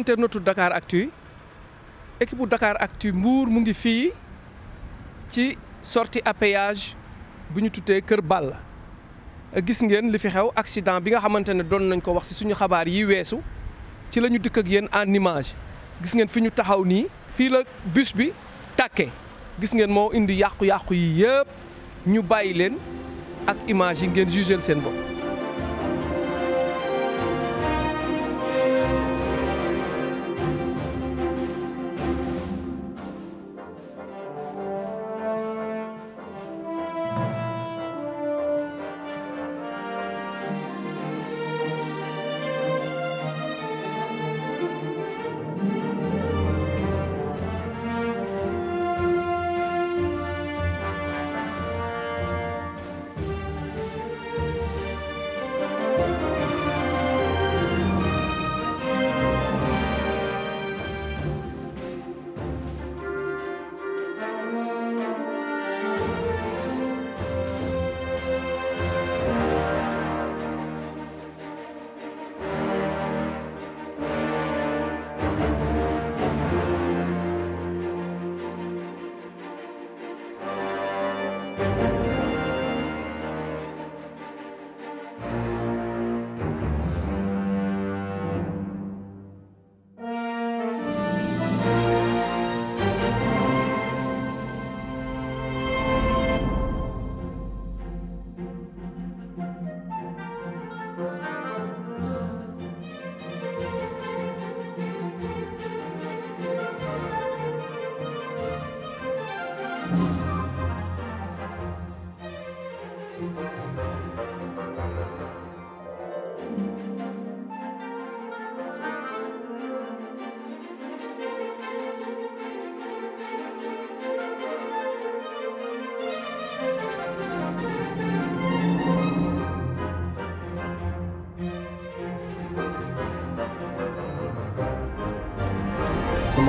internetu Dakar Actu équipe Dakar Actu Mbour mu ngi fi ci sortie à péage bu ñu gisngen Kër Ball gis ngeen li fi xew accident bi nga xamantene doon nañ ko wax ci suñu xabar yi wessu ci lañu dëkk ak yeen en image gis ngeen fi ñu taxaw ni fi la bus bi také gis ngeen mo indi yaqku yaqku yi yépp ñu bayiléen ak image yi ngeen jugeel seen bop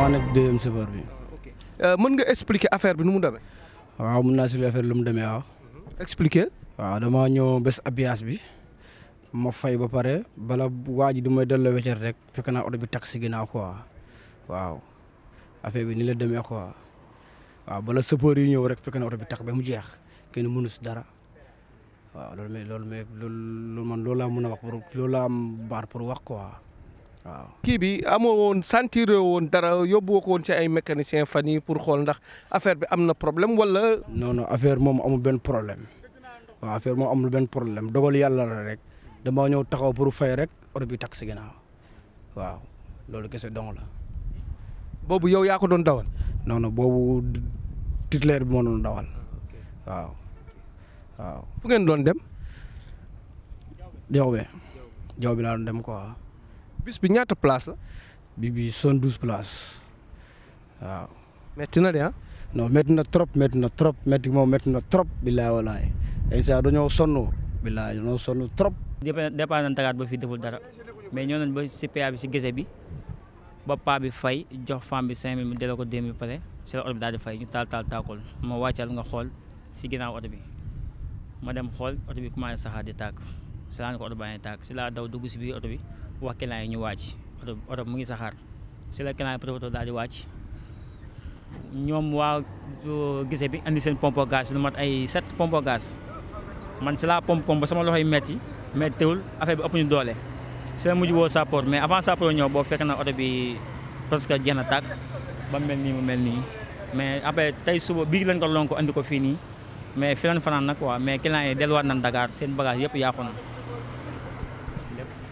waa nekk deuxième chauffeur bi. Euh, mën nga expliquer affaire bi nu mu demee. waaw mën naa si affaire lu mu demee waaw. expliquer. waaw damaa ñëw bés abiyaas bi ma fay ba pare bala waa ji du may delloo weccer rek fekk naa oto bi taxi ginnaaw quoi waaw affaire bi ni la demee quoi bala chauffeur yi ñëw rek fekk na oto bi tax ba mu jeex kenn mënu si dara. waaw loolu mais loolu mais loolu man loolu laa mën a wax pour waaw kii bi amoo woon sentir woon dara yóbbu ko woon ci ay mécanicien fan yi pour xool ndax affaire bi am na problème wala. noonu non affaire moom amul benn problème waaw affaire moom amul benn problème dogal yàlla rek damaa ñëw taxaw pour fay rek oto bi tax si ginnaaw waaw loolu kese dong la. boobu yow yaa ko doon dawal. noonu boobu titulaire bi moo doon dawal waaw waaw. ngeen doon dem. jaww bi jaww bi laa doon dem ko bis bi ñaata place la. bi bi soixante-douze places waaw. métti na de ah. non métti na trop métti na trop métti moom na trop. billaay walaay ay saa dañoo sonn. billaay dañoo sonn trop. dépend nañ tagaat dara mais ñoo nañ si PA bi si gese bi ba paa bi fay jox femme bi cinq delloo ko deux mille pare si la oto bi daal di fay ñu taal taal taakul ma wàccal nga xool si ginnaaw oto bi ma dem xool oto bi commencé saxaar di tàkk si laa ne ko oto baa ngi tàkk si laa daw dugg si biir oto bi. wax client yi ñu wàcc oto oto mu ngi saxaar si la client proto daal di wàcc ñoom waa gise bi andi sen pompe gaz lu mat ay sept pompe gaz man si laa pompe pompe sama loxo yi metti mais teewul affaire bi ëpp ñu doole si la mujj woo sappoor mais avant sappoor ñëw boobu fekk na oto bi parce que jeex na tàkk ba mel nii mu mel mais après tey suba bii lañ ko lonko andi ko fii mais fi lañ fanaan nag mais client yi delluwaat nañ Dakar seen bagage yëpp ya yàqu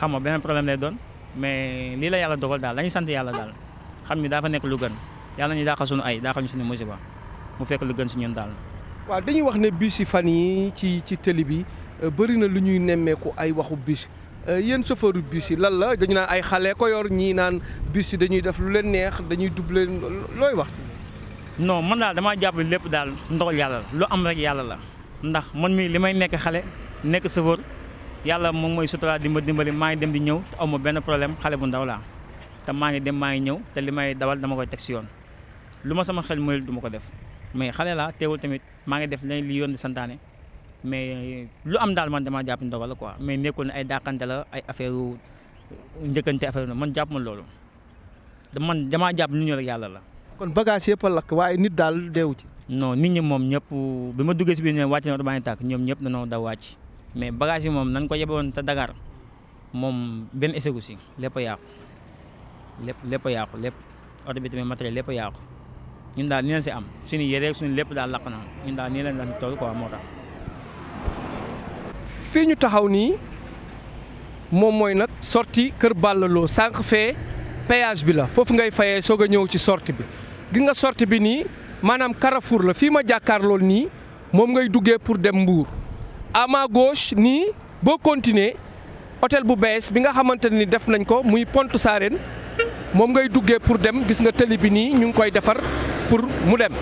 xam nga beneen problème lay doon mais lii la yàlla dogal daal dañuy sant yàlla daal xam ni daa fa nekk lu gën yàlla ñu daaxal suñu ay daaxal ñu suñu musiba mu fekk lu gën si ñun daal. waaw dañuy wax ne bus yi fan yi ci ci tëli bi euh, bëri na lu ñuy nemmeeku ay waxu bus euh, yéen chauffeur biis yi lan la dañu naan ay xale ko yor ñii naan bus dañuy def lu leen neex dañuy doublé looy wax ci mën daal damaa jàpp lépp daal ndogal yàlla la lu am rek yàlla la ndax man mii li may nekk xale nekk chauffeur yàlla moom mooy sutura di ma dimbali maa ngi dem di ñëw te amu benn problème xale bu ndaw laa te maa ngi dem maa ngi ñëw te li may dawal dama koy teg si yoon lu ma sama xel mooy duma ko def mais xale laa teewul tamit maa ngi def leneen li yoon santaane mais lu am daal man damaa jàpp ndogal la quoi mais nekkul ne ay dàqante la ay affaire njëkkante affaire man jàpp ma loolu man damaa jàpp nit ñi rek yàlla la. kon bagage yëpp a lakk waaye nit daal deewu ci. non nit ñi moom ñëpp bi ma duggee si biir ne wàcc na oto baa ngi tàkk ñoom ñëpp danoo daw wàcc. mais bagage yi moom nañ ko yeboon te Dakar moom benn esegu si lépp yàqu lépp lépp a yàqu lépp oto bi tamit matériel lépp yàqu ñun daal ni leen si am suñu yére suñu lépp daal laq na ñun daal nii leen daal si tool quoi moo tax. fii ñu taxaw nii moom mooy nag sorti Kër Balla Lo sànq fee péage bi la foofu ngay fayee soog a ñëw ci sortie bi gi nga sorti bi nii maanaam Carrefour la fii ma jàkkaarlool nii moom ngay duggee pour dem mbuur à ma gauche nii boo continuer hôtel bu bees bi nga xamante ni def nañ ko muy pont Sarène moom ngay duggee pour dem gis nga tëli bi nii ñu ngi koy defar pour mu dem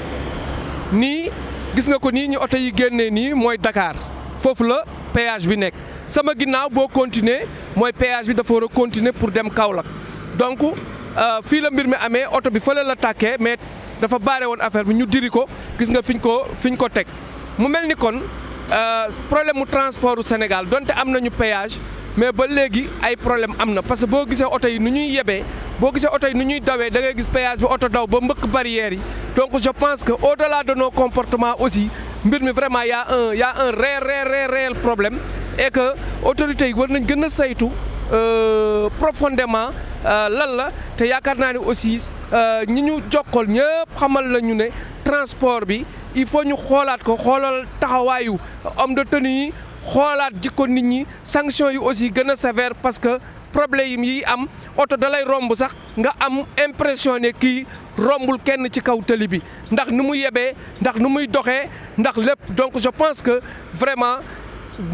nii gis nga ko nii ñu oto yi génnee nii mooy dakaar foofu la péage bi nekk sama ginnaaw boo continuer mooy péage bi dafa war a continuer pour dem Kaolack donc euh, fii la mbir mi amee oto bi fële la takkee mais dafa baare woon affaire bi ñu diri ko gis nga fiñ ko fiñ ko teg mu mel ni Euh, problème mu transport au Sénégal donte am nañu péage mais ba léegi ay problème am parce que boo gisee oto yi nu ñuy yebee boo gisee oto yi nu ñuy dawee da ngay gis péage bi oto daw ba mbëkk barrière yi donc je pense que au delà de nos comportements aussi mbir mi vraiment y a un il y a un réel réel réel problème et que autorités yi war nañ gën a saytu euh, profondément euh, lan la te yaakaar naa ne aussi ñi ñu jokkool ñëpp xamal la ñu ne transport bi il faut ñu xoolaat ko xoolal taxawaayu homme de tenue yi xoolaat jikko nit ñi sanction yi aussi gën a sévère parce que problème yi am oto dalay romb sax nga am impression ne kii rombul kenn ci kaw tëli bi ndax ni mu yebee ndax nu muy doxee ndax lépp donc je pense que vraiment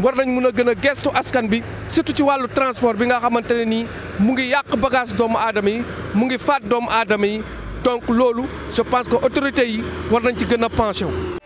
war nañ mën a gën a gestu askan bi surtout ci wàllu transport bi nga xamante ne nii mu ngi yàq bagage doomu aadama yi mu ngi faat doomu aadama yi donc loolu je pense que autorités yi war nañ ci gën a penché wu